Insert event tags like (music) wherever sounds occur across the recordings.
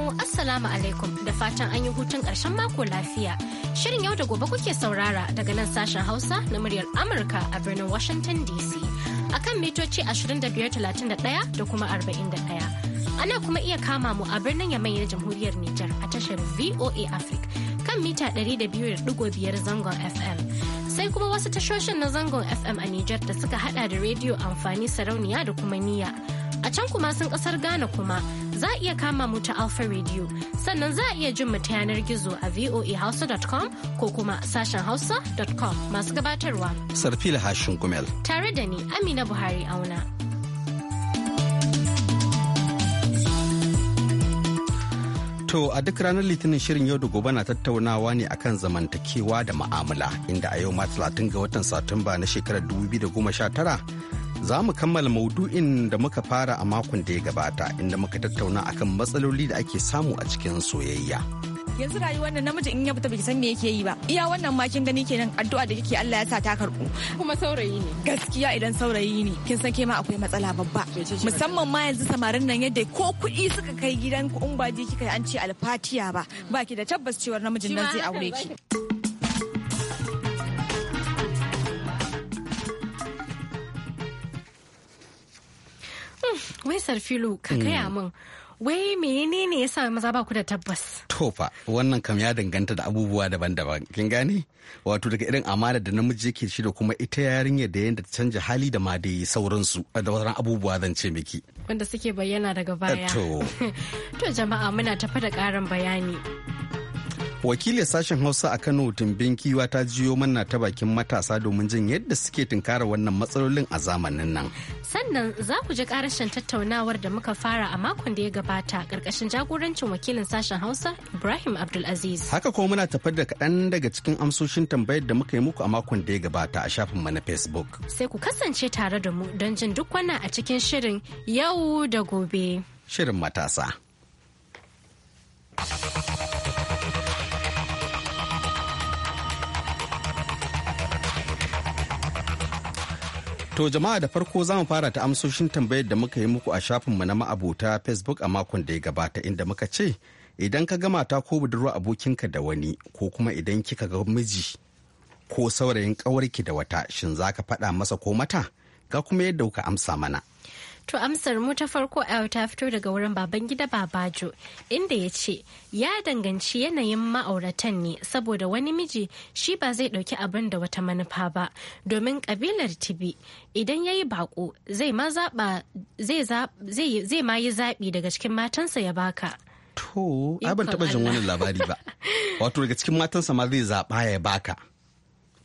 mu Assalamu alaikum da fatan an yi hutun ƙarshen mako lafiya. Shirin yau da gobe kuke saurara daga nan sashen Hausa na muryar Amurka a birnin Washington DC. A kan mitoci 2531 da kuma 41. Ana kuma iya kama mu a birnin Yamai na Jamhuriyar Nijar a tashar VOA Africa kan mita 200.5 zangon FM. sai kuma wasu tashoshin na zangon FM a Nijar da suka hada da rediyo amfani sarauniya da kuma niya. A can kuma sun kasar Ghana kuma za a iya kama mu ta Alpha Radio. Sannan za a iya jin mu ta yanar gizo a voahausa.com ko kuma sashen hausa.com masu gabatarwa. Sarfila Hashin Gumel. Tare da ni Amina Buhari Auna. To a duk ranar litinin shirin yau da gobe na tattaunawa ne akan zamantakewa da ma'amala inda a yau ma 30 ga watan Satumba na shekarar 2019 za mu kammala maudu'in da muka fara a makon da ya gabata inda muka tattauna akan matsaloli da ake samu a cikin soyayya. yanzu rayuwar nan namiji in ya fita bai san me yake yi ba iya wannan ma kin gani kenan addu'a da kike Allah ya sa ta karbu kuma saurayi ne gaskiya idan saurayi ne kin san ke ma akwai matsala babba musamman ma yanzu samarin nan yadda ko kuɗi suka kai gidan ku in ba je kika an ce alfatiya ba baki da tabbas cewar namijin nan zai aure ki. wai sarfilu ka gaya hmm. min wai menene ya sa maza ba ku da tabbas to fa wannan kam ya danganta da abubuwa daban-daban kin gane wato daga irin amana da namiji yake shi da kuma ita yarinya da yadda ta canja hali da ma dai sauransu da wasu abubuwa zan ce miki wanda suke bayyana daga baya to (laughs) jama'a muna tafa da karin bayani wakilin sashen hausa a kano tumbin kiwa ta jiyo manna ta bakin matasa domin jin yadda suke tunkara wannan matsalolin a zamanin nan sannan za ku ji karashin tattaunawar da muka fara a makon da ya gabata karkashin jagorancin wakilin sashen hausa ibrahim abdulaziz haka kuma muna tafar da kaɗan daga cikin amsoshin tambayar da muka yi muku a makon da ya gabata a shafin mu na facebook sai ku kasance tare da mu don jin duk wannan a cikin shirin yau da gobe shirin matasa To jama'a da farko za mu fara ta amsoshin tambayar da muka yi muku a shafinmu na ma'abota Facebook a makon da ya gabata inda muka ce idan ka gama ta ko budurwa abokinka da wani ko kuma idan kika ga miji ko saurayin ƙawarki da wata shin za ka faɗa masa ko mata ga kuma yadda kuka amsa mana. To amsar mu ta farko a ta fito daga wurin baban gida babajo inda ya ce ya danganci yanayin ma'auratan ne saboda wani miji shi ba zai dauki abin da wata manufa ba domin kabilar tibi idan ya yi baƙo zai ma yi zaɓi daga cikin matansa ya baka. To, ai ban taɓa jin wani labari ba. Wato daga cikin matansa ma zai zaɓa ya baka.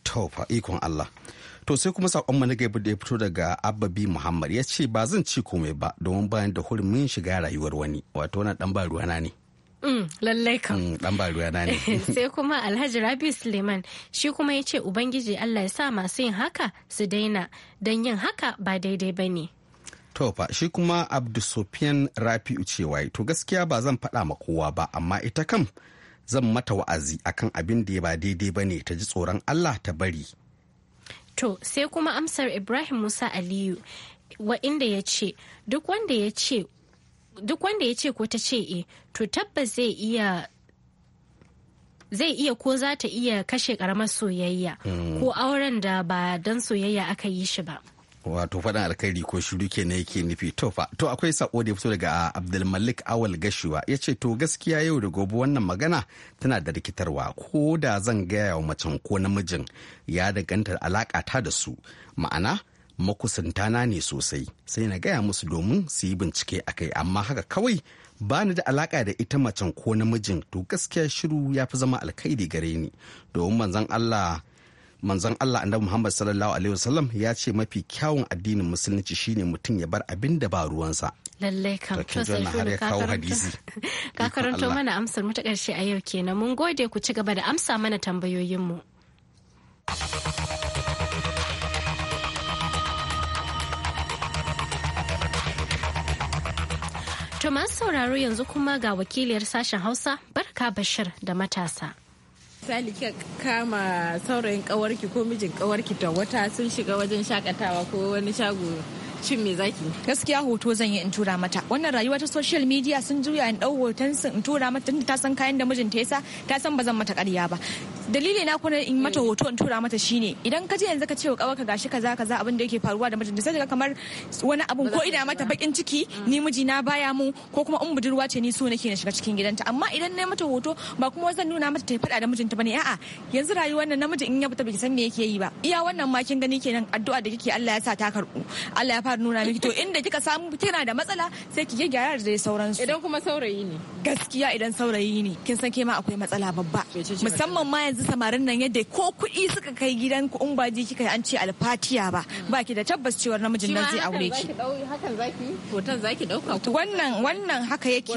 To, fa ikon Allah. To sai kuma sakon mu na da ya fito daga ababi Muhammad ya ce ba zan ci komai ba domin bayan da hurumin shiga rayuwar wani wato wani dan baruwa na ne. Mm, lallai kan. Mm, dan ne. (laughs) Sai kuma Alhaji Rabi Suleiman shi kuma ya ce Ubangiji Allah ya sa masu yin haka su daina don yin haka ba daidai ba ne. To shi kuma Abdusofiyan Rafi'u cewa to gaskiya ba zan faɗa ma kowa ba amma ita kam zan mata wa'azi akan abin da ya ba daidai ba ne ta ji tsoron Allah ta bari To sai kuma amsar Ibrahim Musa Aliyu wa'inda ya ce duk wanda ya ce duk wanda ya ce ko ta ce e to tabbas zai iya zai iya ko za ta iya kashe karamar soyayya hmm. ko auren da ba don soyayya aka yi shi ba. wato faɗin alkhairi ko shiru ke ne yake nufi to to akwai sako da ya fito daga abdulmalik awal gashuwa ya ce to gaskiya yau da gobe wannan magana tana da rikitarwa ko da zan gaya wa macen ko namijin ya danganta alaƙa ta da su ma'ana makusantana ne sosai sai na gaya musu domin su yi bincike a kai amma haka kawai ba ni da alaka da ita macen ko namijin to gaskiya shiru ya fi zama alkairi gare ni domin manzon Allah manzon Allah annabi Muhammad sallallahu alaihi wasallam ya ce mafi kyawun addinin musulunci shine mutum ya bar abin da ba ruwansa lallai kam to sai har ya kawo hadisi (laughs) ka karanto mana amsar mu ta karshe a yau kenan mun gode ku ci gaba da amsa mana tambayoyin mu To masu sauraro yanzu kuma ga wakiliyar sashen Hausa Barka Bashir da matasa. misali kika kama saurayin kawarki ko mijin kawarki ta wata sun shiga wajen shakatawa ko wani shago cin me zaki gaskiya hoto zan yi in tura mata wannan rayuwa ta social media sun juya in dau hoton su in tura mata tunda ta san kayan da mijinta yasa ta san ba mata ƙarya ba dalili na kuna in mata hoto in tura mata shine idan ka je yanzu ka ce wa kawarka gashi kaza kaza abin da yake faruwa da mijinta sai ka kamar wani abun ko ina mata bakin ciki mm. ni miji na baya mu ko kuma in budurwa ce ni so nake na shiga cikin gidanta amma idan na mata hoto ba kuma zan nuna mata ta faɗa da mijinta bane a'a yanzu rayuwar nan namiji in ya fita bai san me yake yi ba iya wannan ma kin gani kenan addu'a da kike Allah ya sa ta karbu Allah ya har nuna miki to inda kika samu kina da matsala sai ki gyara da dai sauransu idan kuma saurayi ne gaskiya idan saurayi ne kin san ke ma akwai matsala babba musamman ma yanzu samarin nan yadda ko kuɗi suka kai gidan ku in ba ji kika an ce alfatiya ba mm. ba ki da tabbas cewar namijin nan zai aure ki hakan zaki hoton zaki dauka wannan wannan haka yake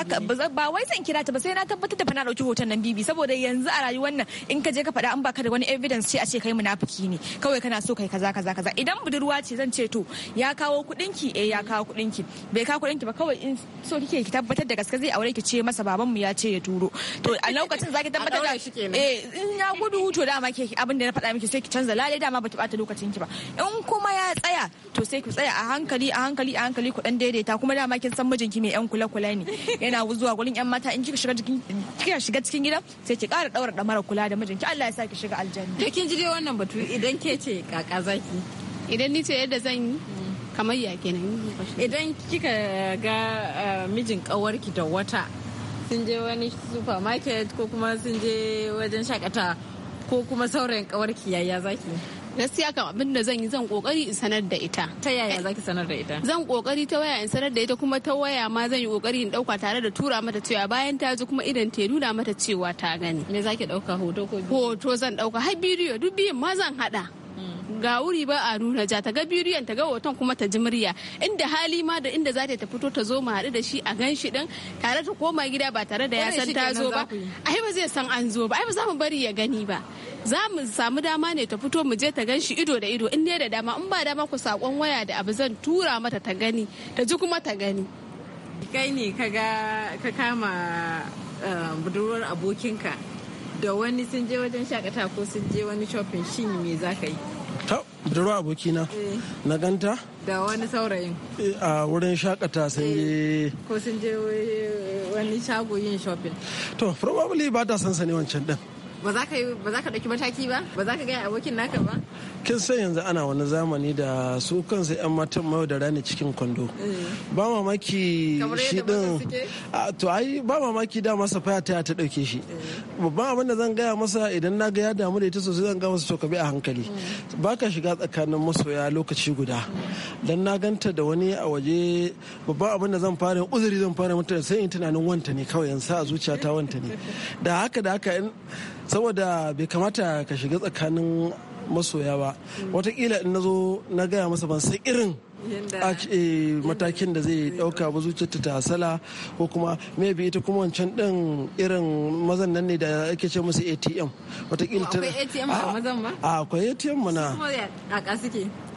haka ba wai zan kira ta ba sai na tabbatar da fa na dauki hoton nan bibi saboda yanzu a rayuwar nan in ka je ka faɗa an baka da wani evidence ce a ce kai munafiki ne kawai kana so kai kaza kaza kaza idan budurwa ce zan ce to ya kawo kudin ki eh ya kawo kudin ki bai kawo kudin ki ba kawai in so kike ki tabbatar da gaske zai aure ki ce masa baban mu ya ce ya turo to a lokacin zaki tabbatar da eh in ya gudu to dama ke abin da na faɗa miki sai ki canza lalai dama ba ta bata lokacin ki ba in kuma ya tsaya to sai ku tsaya a hankali a hankali a hankali ku dan daidaita kuma dama kin san mijinki mai yan kula kula ne yana zuwa gurin yan mata in kika shiga cikin kika shiga cikin gida sai ki ƙara daura mara kula da mijinki Allah ya sa ki shiga aljanna to kin ji dai wannan batu idan ke ce kaka zaki idan ni ce yadda zan yi kamar ya kenan idan kika ga eh, mijin kawarki da wata sun je wani supermarket ko kuma sun je wajen shakata ko kuma saurayin kawarki yaya zaki gaskiya kan abin da zan yi zan kokari in sanar da ita ta yaya zaki sanar da ita zan kokari ta waya in sanar da ita kuma ta waya ma zan yi kokari in dauka tare da tura mata cewa bayan ta ji kuma idan ta nuna mata cewa ta gani me zaki dauka hoto ko hoto zan dauka har bidiyo duk biyun ma zan hada ga wuri ba a nuna ja ta ga bidiyon ta ga hoton kuma ta ji murya inda hali ma da inda za ta fito ta zo mu haɗu da shi a gan shi din tare ta koma gida ba tare da ya san ta zo ba ai ba zai san an zo ba ai ba za mu bari ya gani ba za mu samu dama ne ta fito mu je ta gan shi ido da ido in ne da dama in ba dama ku sakon waya da abu zan tura mata ta gani ta ji kuma ta gani kai ne ka kama eh, budurwar abokinka da wani sun je wajen shakata ko sun je wani shopping shin me za ka yi budurwa abokina eh. na ganta da wani saurayin eh, a wurin shakata sun je eh, ko sun je wani shago yin shopping to probably ba ta san sani wancan din ba za ka ba za ka dauki mataki ba ba za ka ga abokin naka ba kin san yanzu ana wani zamani da su kansu yan matan mayo da rani cikin kwando eh. ba mamaki shi din to ai ba mamaki da masa faya ta ta dauke shi eh. babban abin da zan gaya masa idan na ga ya damu da ita sosai zan ga masa to ka bi a hankali mm. Ba ka shiga tsakanin masoya lokaci guda mm. dan na ganta da wani a waje babban abin da zan fara uzuri zan fara mutane sai in tunanin wanta ne kawai yansa a zuciya ta wanta ne da haka da haka saboda bai kamata ka shiga tsakanin masoya ba watakila in na zo na gaya masa ban san irin Eh, matakin da zai dauka ba zuciyarta ta hasala ko kuma maybe ita kuma wancan din irin mazan nan ne da ake ce musu ATM watakila akwai ATM a mazan ah, akwai ATM mana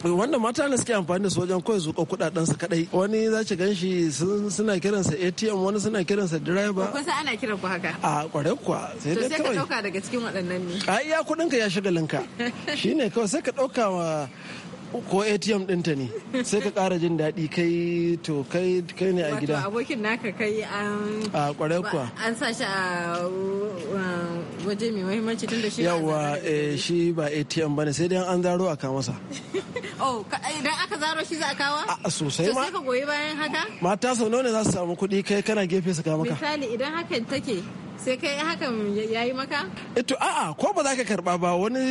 wanda mata ne suke amfani da su wajen kawai zuƙa kuɗaɗen su kaɗai wani za ki gan shi suna kiransa ATM wani suna kiransa driver ko sai ana kiran ku haka a ah, kware kuwa sai dai kawai to sai ka dauka daga cikin waɗannan ne ai ya kuɗin ka ya shagalin (laughs) ka shine kawai sai ka dauka ko atm ɗinta ne sai ka ƙara jin daɗi kai to kai kai ne a gida wato abokin naka kai an a ƙwarai kuwa an sa shi a waje mai muhimmanci tun da shi yawa shi ba atm eh, bane sai dai an zaro a masa (laughs) oh idan aka zaro shi za a kawa a sosai ma sai ka goyi bayan haka mata sau nawa ne za su samu kuɗi kai kana gefe su ka maka misali idan hakan take sai kai hakan ya yi maka? Ito eh a'a ko ba za ka karba ba wani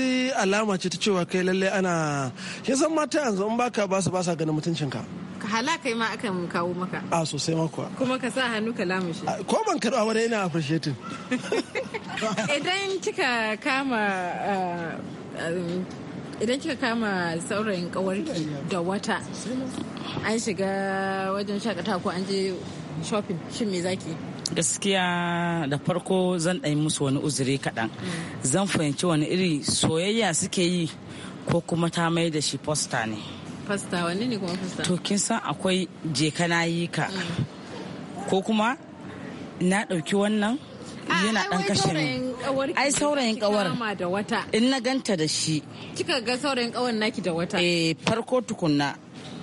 alama ce ta cewa kai lalle ana Kin san mata yanzu in baka ba su ba sa ganin mutuncinka. Ka hala kai ma akan kawo maka. A sosai ma kuwa. Kuma ka sa hannu ka lamushe. Ko ban karba wani ina appreciating. (laughs) Idan kika kama idan kika kama saurayin kawarki da wata an shiga wajen shakata ko an je shopping shin me zaki? gaskiya da farko zan ɗan musu wani uzuri kaɗan zan fahimci wani iri soyayya suke yi ko kuma ta mai da shi fosta ne Fosta, wani ne kuma fosta? to kin san akwai je na yi ka mm. ko kuma na ɗauki wannan ah, yana ɗan kashe ni ai saurayin kawar in na ganta da shi kika ga saurayin kawar naki da wata eh farko tukunna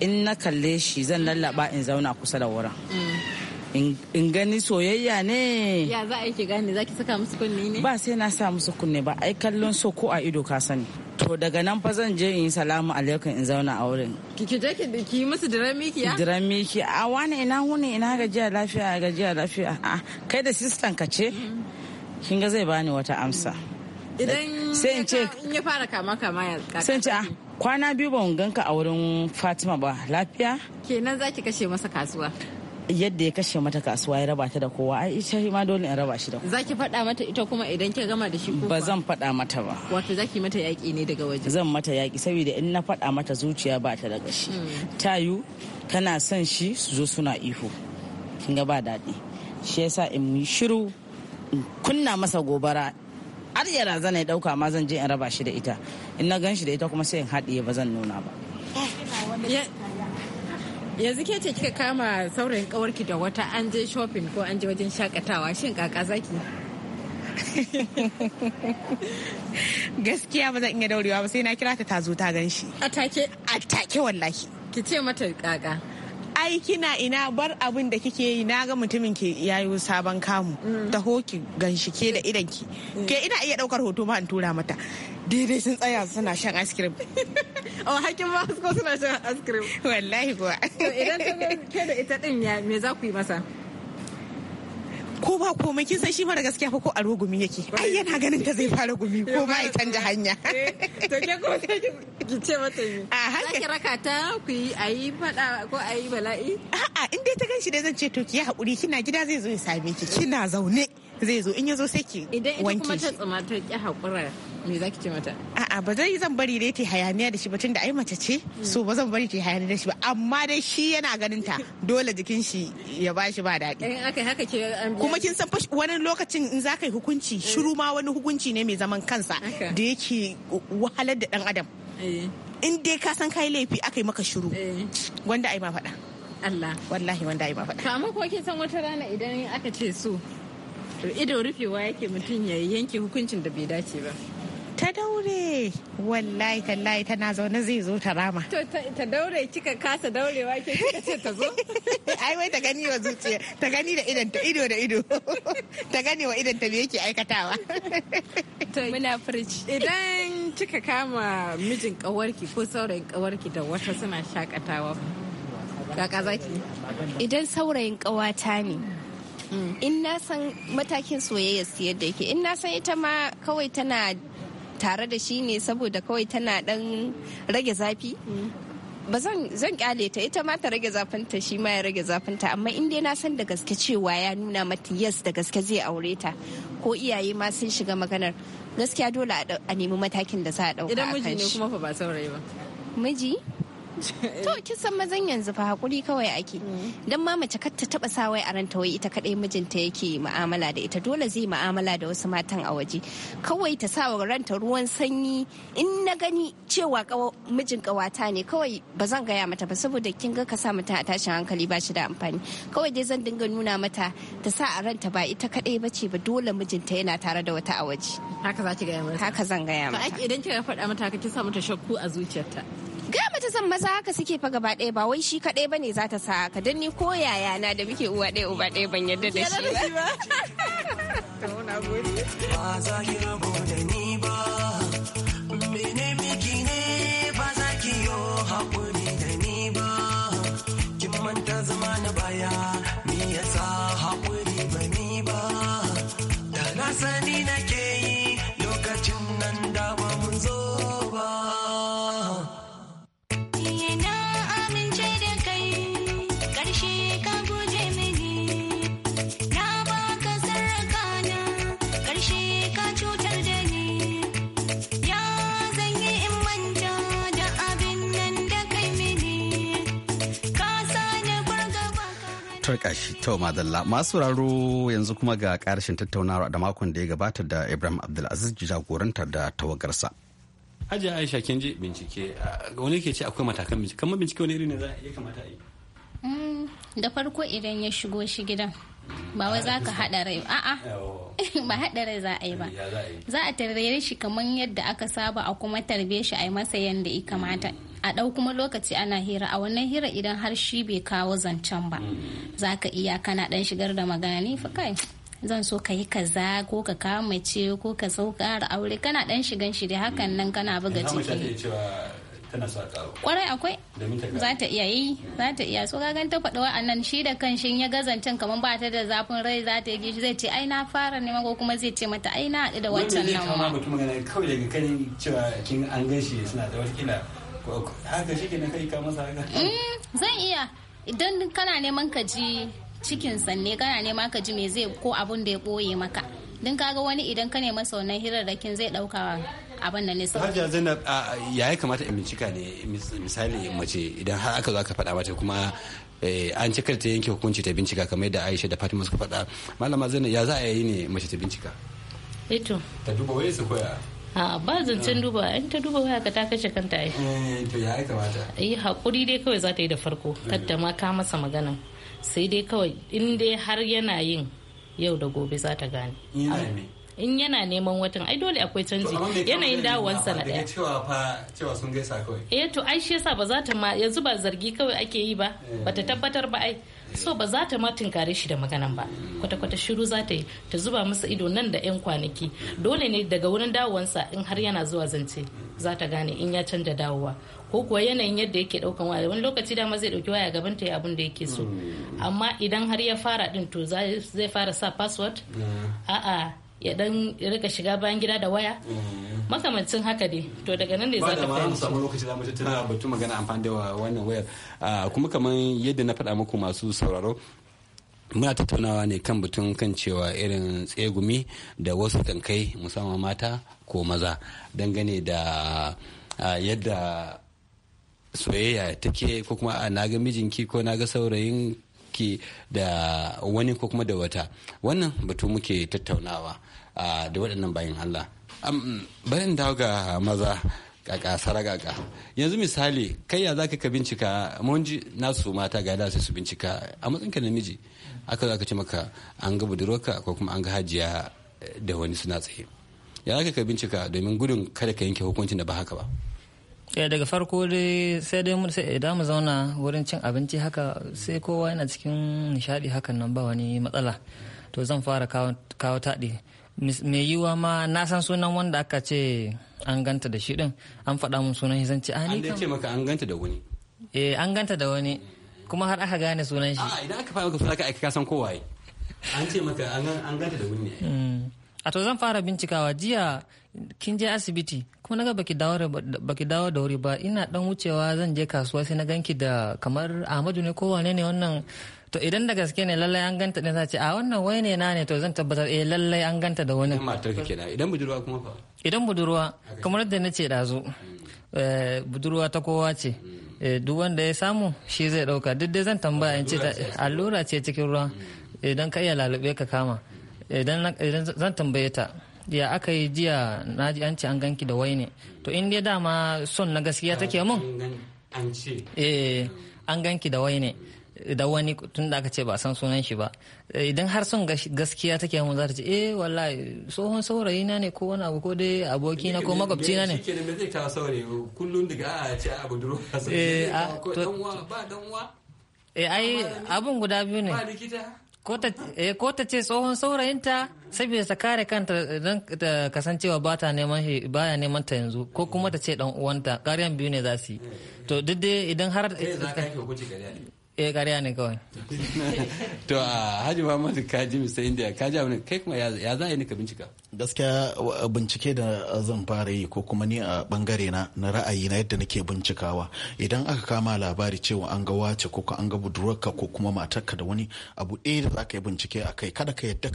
in na kalle shi zan lallaba in zauna kusa da wurin mm. in gani soyayya ne ya za a yi gane za ki saka musu kunne ne ba sai na sa musu kunne ba ai kallon so ko a ido ka sani to daga nan fa zan je in yi salamu alaikum in zauna a wurin ki je ki ki musu diramiki mikiya diramiki a wani ina hune ina gajiya lafiya gajiya lafiya a kai da sistan ka ce mm-hmm. kin ga zai bani wata amsa mm-hmm. idan sai in ce in ya fara kama kama ya sai in ce ah, kwana biyu ban ganka a wurin Fatima ba lafiya kenan zaki kashe masa kasuwa yadda ya kashe mata kasuwa ya raba ta da kowa ai ita ma dole in raba shi da kowa zaki faɗa mata ita kuma idan ke gama da shi ko ba zan faɗa mata ba wato zaki mata yaƙi ne daga waje zan mata yaƙi saboda in na faɗa mata zuciya ba ta da gashi hmm. tayu tana son shi su zo suna ihu kin ga ba daɗi shi yasa in yi shiru in kunna masa gobara har ya razana ya dauka ma zan je in raba shi da ita in na gan shi da ita kuma sai in haɗiye ba zan nuna ba yanzu ke ce kika kama saurayin kawarki da wata an je shopping ko an je wajen shakatawa shin kaka zaki gaskiya ba zan iya daurewa ba sai na kira ta ta zo ta gan a take a take wallahi ki ce mata kaka ai kina ina bar abin da kike yi na ga mutumin ke yayi sabon kamu mm. taho ki ke da idan ki mm. ke ina iya daukar hoto ma in tura mata daidai sun tsaya suna shan ice cream a (laughs) oh, hakin ba ko suna shan ice cream wallahi kuwa idan ta da ita din ya me za ku yi masa ko ba komai kin san shi mara gaskiya fa ko a rogumi yake ai yana ganin ta zai fara gumi ko ba ya canja hanya (laughs) eh, to ke ko ki ce mata yi a haka ki raka ta ku yi ayi fada ko ayi bala'i a'a in dai ta ganshi dai zan ce to ki hakuri kina gida zai zo ya same ki kina zaune zai zo in ya zo sai ki wanke idan ita kuma ta tsama ta haƙura me me zaki ce mata a'a ba zai zan bari dai ta hayaniya da shi ba tunda ai mace ce so ba zan bari ta hayaniya da shi ba amma dai shi yana ganin ta dole jikin shi ya bashi ba daɗi in eh, aka haka ke kuma kin san wani lokacin in za ka yi hukunci eh. shiru ma wani hukunci ne mai zaman kansa da yake wahalar da dan adam eh. in dai ka san kai laifi aka yi maka shiru wanda ai ma faɗa Allah wallahi wanda ai ma faɗa Kamar ko kin san wata rana idan aka ce so to ido rufewa yake mutum ya yanke hukuncin da bai dace ba ta daure wallahi tallahi tana zaune zai zo ta rama to ta daure kika kasa daurewa ke kika ce ta zo (laughs) ai wai ta gani wa zuciya ta gani da idan ta ido da ido (laughs) ta gani wa idan ta yake aikatawa (laughs) to muna furci idan kika kama mijin kawarki ko saurayin kawarki da wata suna shakatawa kaka zaki idan saurayin kawata ne in na san matakin soyayya su yadda yake in na san ita ma kawai tana tare da shi ne saboda kawai tana dan rage zafi ba zan zan kyale ta ita ma ta rage zafinta shi ma ya rage zafinta amma in dai na san da gaske cewa ya nuna mata yes da gaske zai aure ta ko iyaye ma sun shiga maganar gaskiya dole a nemi matakin da za a dauka idan miji ne kuma fa ba saurayi ba miji to kin san mazan yanzu fa hakuri kawai ake mm. dan ma mace kar ta taba sawai a ranta wai ita kadai mijinta yake mu'amala da ita dole zai mu'amala da wasu matan a waje kawai ta sa wa ranta ruwan sanyi in na gani cewa mijin kawata ne kawai ba zan gaya mata ba saboda kin ga ka sa mata a tashin hankali ba shi da amfani kawai dai zan dinga nuna mata ta sa a ranta ba ita kadai bace ba dole mijinta yana tare da wata a waje haka za ki gaya mata haka zan gaya mata idan kika faɗa mata ka ki sa mata shakku a zuciyarta ga mata san maza haka suke fa gaba ɗaya ba wai shi kaɗai bane za ta sa haka dan ni ko yaya na da muke uwa ɗaya uba ɗaya ban yarda da shi ba. To madalla masu sauraro yanzu kuma ga karshen tattaunawa da makon da ya gabata da Ibrahim Abdulaziz jagoranta da tawagarsa. Hajiya Aisha kin ji bincike wani ke ce akwai matakan bincike kamar bincike wani iri ne za ya kamata a yi. Mm, da farko idan ya shigo shi gidan ba wai za ka haɗa rai a'a (laughs) ba haɗa rai za a yi ba za a tarbe shi kamar yadda aka saba a kuma tarbe shi a yi masa yadda ya kamata a ɗau kuma lokaci ana hira a wannan hira idan har shi bai kawo zancen ba za ka iya kana ɗan shigar da magani fa kai zan so ka yi kaza ko ka kamace ko ka sau ƙara aure kana ɗan shigan shi da hakan nan kana buga ciki kwarai akwai za ta iya yi za ta iya so gagan ta faɗi nan shi da kan shi ya gazancin kamar ba ta da zafin rai za ta yi zai ce ai na fara neman ko kuma zai ce mata ai na haɗu da wancan nan ba. Wani zai kama mutum magana kawai daga kan cewa kin an shi suna da wasu kila haka shi ke kai ka masa haka eh, zan iya idan kana neman ka ji cikin sanne kana neman ka ji me zai ko abun da ya boye maka din kaga wani idan ka nema sau nan hirarrakin zai dauka abin da ne hajja Zainab ya ya kamata in bincika ne misali mace idan har aka zo aka faɗa mata kuma eh, an cika ta yanke hukunci ta bincika kamar yadda Aisha da Fatima suka faɗa malama Zainab ya za a yi ne mace ta bincika Eto. Eh ta duba wai su koya. a ba zancen duba in ta duba waya ka ta kashe kanta ai eh, to ya kamata yi eh, hakuri dai kawai za ta yi da farko eh. kadda ma ka masa magana sai dai kawai in dai har yana yin yau da gobe za ta gane in yana neman watan ai dole akwai canji yanayin sa na daya cewa fa cewa sun gaisa kawai eh to ai shi yasa ba za ta ma yanzu ba zargi kawai ake yi ba bata tabbatar ba ai so ba za ta ma tunkare shi da maganan ba kwata-kwata shiru za ta yi ta zuba masa ido nan da 'yan kwanaki dole ne daga wurin dawowansa in har yana zuwa zance za ta gane in ya canja dawowa ko kuwa yanayin yadda yake daukan waya wani lokaci dama zai dauki waya gaban ta abin da yake so hmm. amma idan har ya fara din to zai fara sa password a'a ya dan rika shiga bayan gida da waya mm-hmm. makamancin haka dai to daga nan ne za ta fahimci samu lokaci da mu tattauna batun magana amfani da wannan wayar ah, kuma kaman yadda na faɗa muku masu sauraro muna tattaunawa ne kan batun kan cewa irin tsegumi da wasu kan kai musamman mata ko maza dangane da ah, yadda soyayya take ko kuma ah, na ga mijinki ko na ga saurayin ki da wani ko kuma da wata wannan batu muke tattaunawa da waɗannan bayan Allah. Barin dawo ga maza kaka sarakaka yanzu misali kai ya zaka ka bincika monji nasu mata ga da su bincika a matsayin ka namiji aka zaka ce maka an ga budurwarka ko kuma an ga hajiya eh, da wani suna tsaye ya zaka ka bincika domin gudun kada ka yanke hukuncin da ba haka ba ya eh, daga farko dai sai dai mu sai idan mu zauna wurin cin abinci haka sai kowa yana cikin nishadi hakan nan ba wani matsala to zan fara kawo taɗi mai yiwa ma na san sunan wanda aka ce an ganta da shi din an faɗa mun sunan shi zance ah, an ce maka an ganta da wani eh an ganta da wani kuma har aka gane sunan shi a idan aka fara ka aika ka san kowa an ce maka an ganta da wani ne mm. a to zan fara bincikawa jiya kin je asibiti kuma naga baki dawo baki dawo da wuri ba ina dan wucewa zan je kasuwa sai na ganki da kamar Ahmadu ne ko wane ne wannan to idan da gaske ne lallai an ganta ne za ce a wannan wai ne na ne to zan tabbatar eh lallai an ganta da wani idan budurwa kuma fa idan budurwa kamar da nace dazu hmm. eh, budurwa ta kowa ce hmm. eh, duk wanda ya samu shi zai dauka duk dai zan tambaya in ce allura ce cikin ruwa hmm. idan ka iya lalube ka kama idan zan tambaye ta ya aka yi jiya na ji an ce an ganki da wai ne to in dai dama son na gaskiya take mun an ce eh an ganki da wai ne idan wani tun da aka ce ba san sunan shi ba idan har son gaskiya take mu za ta ce eh wallahi tsohon saurayi na ne ko wani abu ko dai aboki na ko makwabci na ne shikenan me zai ta saurayi kullun daga ah, ah, eh, a ce a budurwa eh ko dan wa ba dan wa eh ai abun guda biyu ne ba likita eh, ko ta ce tsohon saurayinta saboda ta kare kanta dan ta kasancewa ba ta neman shi baya neman ta yanzu ko kuma ta ce dan uwanta ƙaryan biyu ne za su yi hmm. to duk dai idan har eh ƙarya ne kawai (laughs) to a haji muhammadu kaji mr india kaji abu ne kai kuma ya za yi ka bincika gaskiya bincike da zan fara yi ko kuma ni a bangare na na ra'ayi na yadda nake bincikawa idan aka kama labari cewa an ga wace ko an ga budurarka ko kuma matarka da wani abu ɗaya da za ka yi bincike a kai kada ka yadda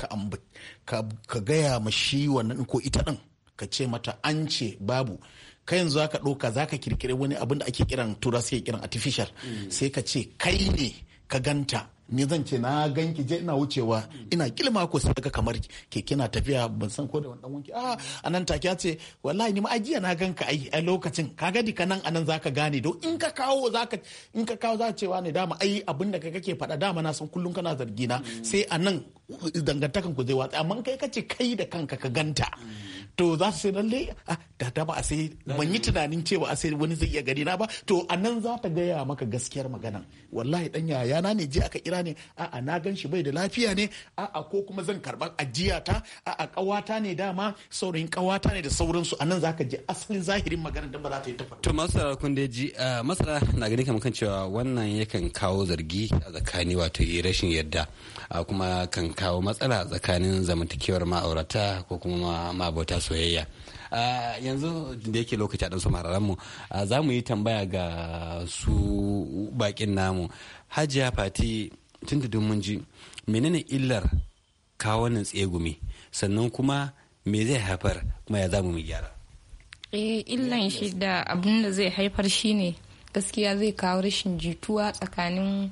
ka gaya ma shi wannan ko ita ɗin ka ce mata an ce babu ka yanzu zaka ɗauka zaka kirkiri wani abin da ake kiran tura sai kiran artificial mm. sai ka ce kai ne ka ganta ni zan ce na ganki je ina wucewa mm. ina kilma ko sai ga kamar keke na tafiya ban san ko da wani dan wanki ah, a anan take ya ce wallahi ni ma ajiya na ganka ai a lokacin ka kaga dika nan anan zaka gane don in ka kawo zaka in ka kawo za ka cewa ne dama ai abin da kake faɗa dama na san kullun kana zargi na mm. sai anan dangantakan ku zai watsa amma kai kace kai da kanka ka ganta to za su sai lalle ah, da da ba a sai ban yi tunanin cewa a sai wani zai iya gari na ba to a nan za ta gaya maka gaskiyar magana wallahi dan yaya na ne je aka kira ne a'a na gan shi bai da lafiya ne a ko kuma zan karba ajiya ta a'a kawata ne dama saurayin kawata ne da sauransu a nan za ka je asalin zahirin magana da ba za ta yi tafarki to masara kun dai ji ah, masara na gani kamar kan cewa wannan yakan kawo zargi a tsakani wato eh, rashin yarda kuma kan kawo matsala tsakanin zamantakewar ma'aurata ko kuma ma'abota soyayya yanzu da yake lokaci a ɗansu mu za mu yi tambaya ga su bakin namu hajiya fati tun da mun ji menene illar kawo nan tsegumi sannan kuma me zai haifar kuma ya zamu mu gyara eh illan shi da abin da zai haifar shine gaskiya zai kawo rashin jituwa tsakanin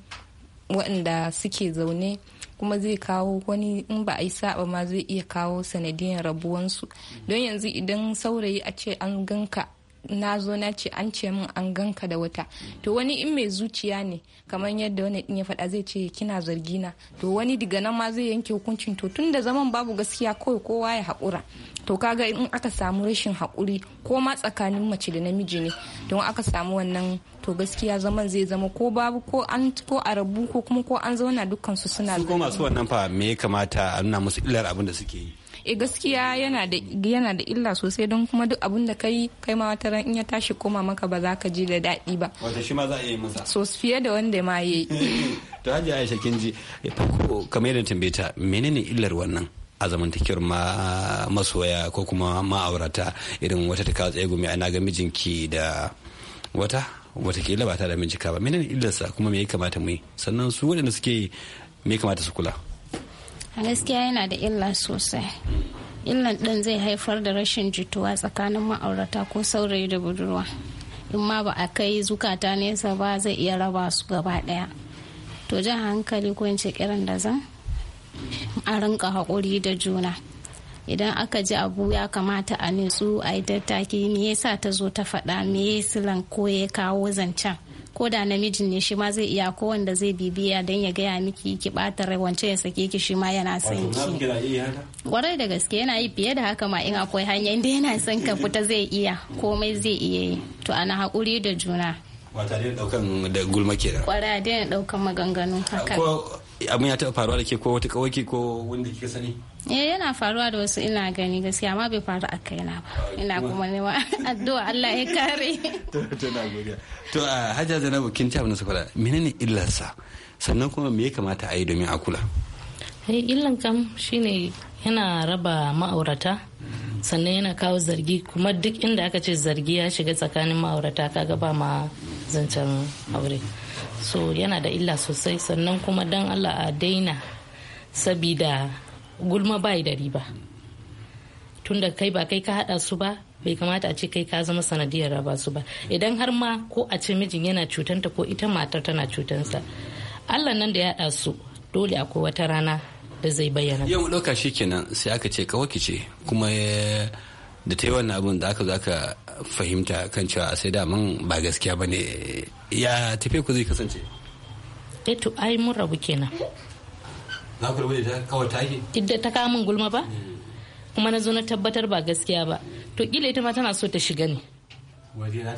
waɗanda suke zaune kuma zai kawo wani in ba a yi saba ma zai iya kawo sanadiyan rabuwansu don yanzu idan saurayi a ce an ganka na zo na ce an ce min an ganka da wata to wani in mai zuciya ne kamar yadda wani din ya faɗa zai ce kina zargi na to wani daga nan ma zai yanke hukuncin to tun da zaman babu gaskiya kawai kowa ya haƙura to kaga in aka samu rashin haƙuri ko ma tsakanin mace da namiji ne don aka samu wannan to gaskiya zaman zai zama ko babu ko an ko a rabu ko kuma ko an zauna dukkan su suna su koma su wannan fa me ya kamata a nuna musu illar abin da suke yi e gaskiya yana da yana da illa sosai don kuma duk abin da kai kai ma wata ran in ya tashi koma maka ba za ka ji da daɗi ba wata shi ma za a yi masa so fiye da wanda ma yayi (laughs) to haji Aisha kin ji eh, farko kamar yadda tambaye ta menene illar wannan a zamantakewar ma masoya ko kuma ma'aurata irin wata ta kawo tsaye gumi ana ga mijinki da wata watakila ba ta da bincika ba menene illarsa kuma me ya kamata mu yi sannan su waɗanda suke me ya kamata su kula a gaskiya yana da illa sosai illan ɗin zai haifar da rashin jituwa tsakanin ma'aurata ko saurayi da budurwa in ma ba a kai zukata nesa ba zai iya raba su gaba ɗaya to jan hankali ko in ce kiran da zan a rinka haƙuri da juna idan aka ji abu ya kamata a nitsu a yi tattaki me sa ta zo ta faɗa me ya silan ko ya kawo zancen ko da namijin ne shi ma zai iya ko wanda zai bibiya don ya gaya miki ki ɓata rawance ya sake ki shi ma yana son ki kwarai da gaske yana yi fiye da haka ma in akwai hanya inda yana son ka fita zai iya komai zai iya yi to ana haƙuri da juna ba tare da daukan da gulma kenan kwarai da daukan maganganu haka abin ya taɓa faruwa da ke ko wata kawaki ko wanda kika sani eh yana faruwa da wasu ina gani gaskiya amma bai faru a na ba ina kuma nema addu'a Allah ya kare (laughs) to na godiya to a hajja zanabu kin ci abin da Mene ne illarsa sannan kuma me ya kamata a yi domin a kula eh illan kam shine yana raba ma'aurata sannan yana kawo zargi kuma duk inda aka ce zargi ya shiga tsakanin ma'aurata kaga ba ma zancen aure so yana da illa sosai sannan kuma don allah a daina sabida gulma bai da riba tunda kai ba kai ka hada su ba bai kamata a ce kai ka zama sanadiyar raba su ba idan har ma ko a ce mijin yana cutanta ko ita matar tana cutansa allah nan da ya hada su dole akwai wata rana da zai bayyana yau ɗauka shi kenan sai aka ce ki ce kuma da ta yi wannan abun da aka zaka fahimta kan cewa a sai daman ba gaskiya ba ne ya tafi ku zai kasance eh to ai mun rabu kenan na ku rabu da ta kawai ta yi idda ta kawo min gulma ba hmm. kuma na zo na tabbatar ba gaskiya ba to kila ita ma tana so ta shiga ne za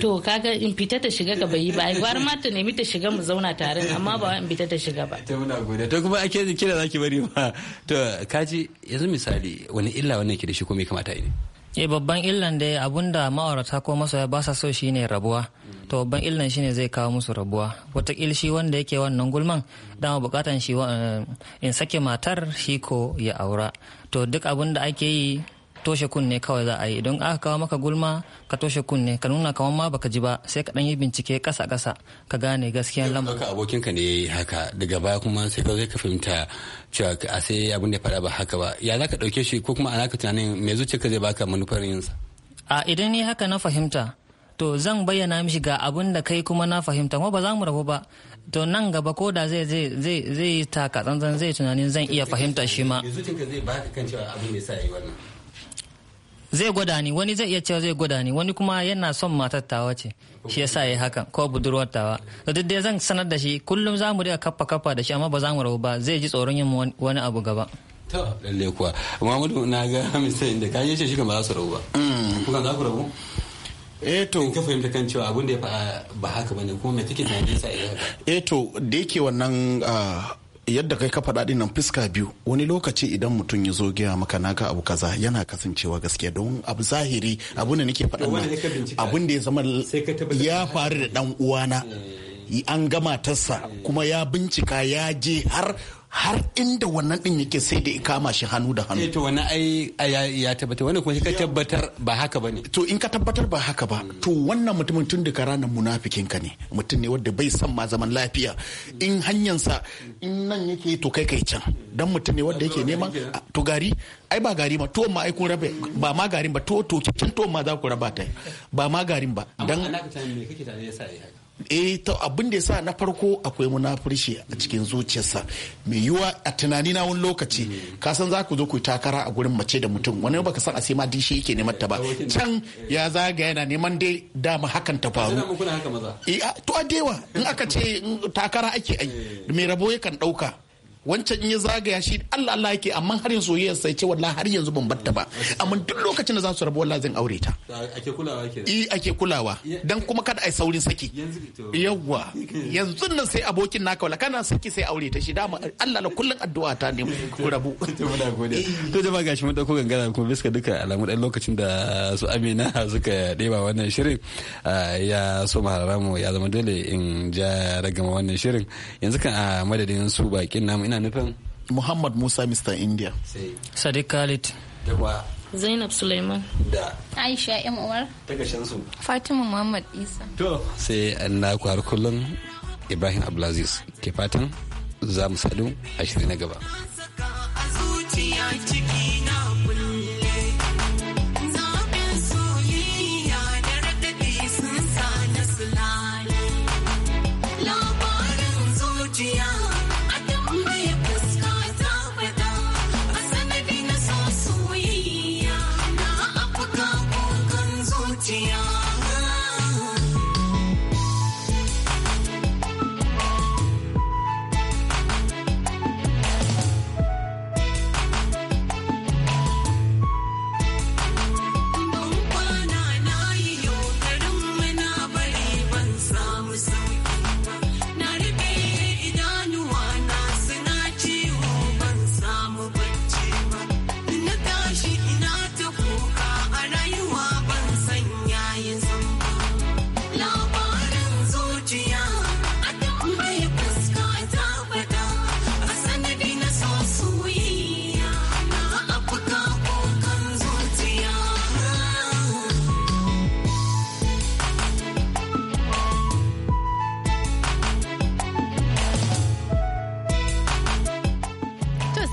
to kaga in fita ta shiga ka bai yi ba gwar ma ta nemi ta shiga mu zauna tare amma ba in fita ta shiga ba to muna gode to kuma ake kira zaki bari ma to kaji yanzu misali wani illa wannan ke da shi ko me kamata yi e babban illan da abunda ma'aurata ko masoya ba sa so shine rabuwa to babban illan shine zai kawo musu rabuwa wataƙil shi wanda yake wannan gulman dama bukatan shi eh, in sake matar shi ko ya aura to duk abun da ake yi toshe kunne kawai za a yi don aka kawo maka gulma ka toshe kunne ka nuna kamar ma baka ji ba sai ka dan yi bincike kasa kasa ka gane gaskiyan lamarin haka abokin ka ne haka daga baya kuma sai ka zai ka fahimta cewa a sai abin da faɗa ba haka ba ya za ka ɗauke shi ko kuma a naka tunanin me ka zai baka manufar yinsa a idan ni haka na fahimta to zan bayyana mishi ga abin da kai kuma na fahimta kuma ba za mu rabu ba to nan gaba ko da zai zai zai taka tsantsan zai tunanin zan iya fahimta shi ma zai baka kan cewa abin da yasa yi wannan zai gwada ni wani zai iya cewa zai gwada ni wani kuma yana son matar tawa ce shi ya sa yi hakan ko budurwar tawa to duk zan sanar da shi kullum za mu riga kafa kafa da shi amma ba za mu rabu ba zai ji tsoron yin wani abu gaba to lalle kuwa Muhammadu na ga Mr. Inda ka yi shi kan za su rabu ba mm. kukan za ku rabu eh to ka fahimta kan cewa abin da ya faɗa ba haka bane kuma me kake tunanin sa eh to da yake wannan ah, yadda kai ka faɗa nan fuska biyu wani lokaci idan mutum ya zo gaya maka na abu kaza yana kasancewa gaskiya don abu zahiri abu ne nake faɗa abun da ya zama ya faru da dan uwana an gama tassa kuma ya bincika ya je har har inda wannan din yake sai da ikama shi hannu da hannu. Eh, to wani ai ya tabbatar wani kuma ka tabbatar ba haka ba ne. to in ka tabbatar ba haka ba to wannan mutumin tun da ranar munafikin ka ne mutum ne wanda bai san ma zaman lafiya in hanyansa in nan yake to kai kai can dan mutum ne wanda yake neman to gari ai ba gari ma to ma ai kun rabe ba ma garin ba to to kin to ma za ku raba ta ba ma garin ba dan ana me kake tare yasa yi haka eh abin da sa na farko akwai munafurci a cikin zuciyarsa mai yiwa a tunani na wani lokaci ka san za ku zo ku yi takara a gurin mace da mutum wani baka san a sai ma dishi yake neman ta ba can ya zaga yana neman dai dama hakan ta faru eh, to a dewa in aka ce takara ake ai eh. mai rabo yakan dauka wancan in ya zagaya shi Allah Allah yake amma har yanzu soyayyar sai ce wallahi har yanzu ban batta ba amma duk lokacin da za su rabu wallahi zan aure ta ake kulawa ke eh ake kulawa dan kuma kada ai saurin saki yawa (laughs) yanzu nan sai abokin naka wala kana saki sai aure ta shi dama Allah la kullun addu'a ta ne ku rabu (laughs) eh. to jama'a gashi mun dauko gangara kuma biska duka alamu dan lokacin da su Amina (laughs) suka deba wannan shirin ah, ya so mahararamu ya zama dole in ja ragama wannan shirin yanzu kan a madadin su bakin namu ina nufin muhammad musa mr india sadiq khalid yawa zainab suleiman da aisha yan uwar tagashinsu fatima muhammad isa to sai na kwar kullum ibrahim abdulaziz ke fatan za mu sadu a shirin na gaba.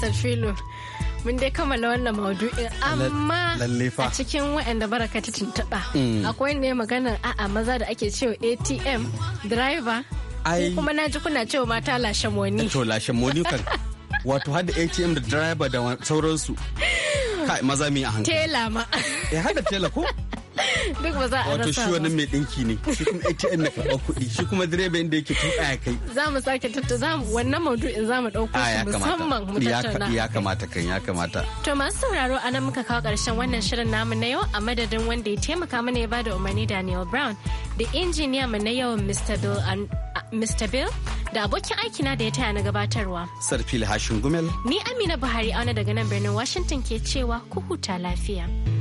sarfilo mun dai kammala wannan maudu'i amma a cikin waɗanda baraka ta tuntuɓa mm. akwai ne maganar a'a maza da ake cewa atm driver ai kuma na ji kuna cewa mata lashe moni to lashe moni kan wato hada atm da driver da sauransu kai maza mi a hankali tela ma eh hada tela ko (laughs) duk ba za a rasa wato shi wannan mai dinki ne shi kuma ATM na karɓar kuɗi shi kuma direba inda yake tuka ya kai za mu sake tatta za mu wannan maudu'in za mu ɗauko shi musamman mu tattauna ya kamata kan ya kamata to masu sauraro anan muka kawo ƙarshen wannan shirin namu na yau a madadin wanda ya taimaka mana ya bada umarni Daniel Brown da injiniya mu na yau Mr. Bill Mr. Bill da abokin aikina da ya taya na gabatarwa. Sarfil Hashin Gumel. Ni Amina Buhari auna daga nan birnin Washington ke cewa ku huta lafiya.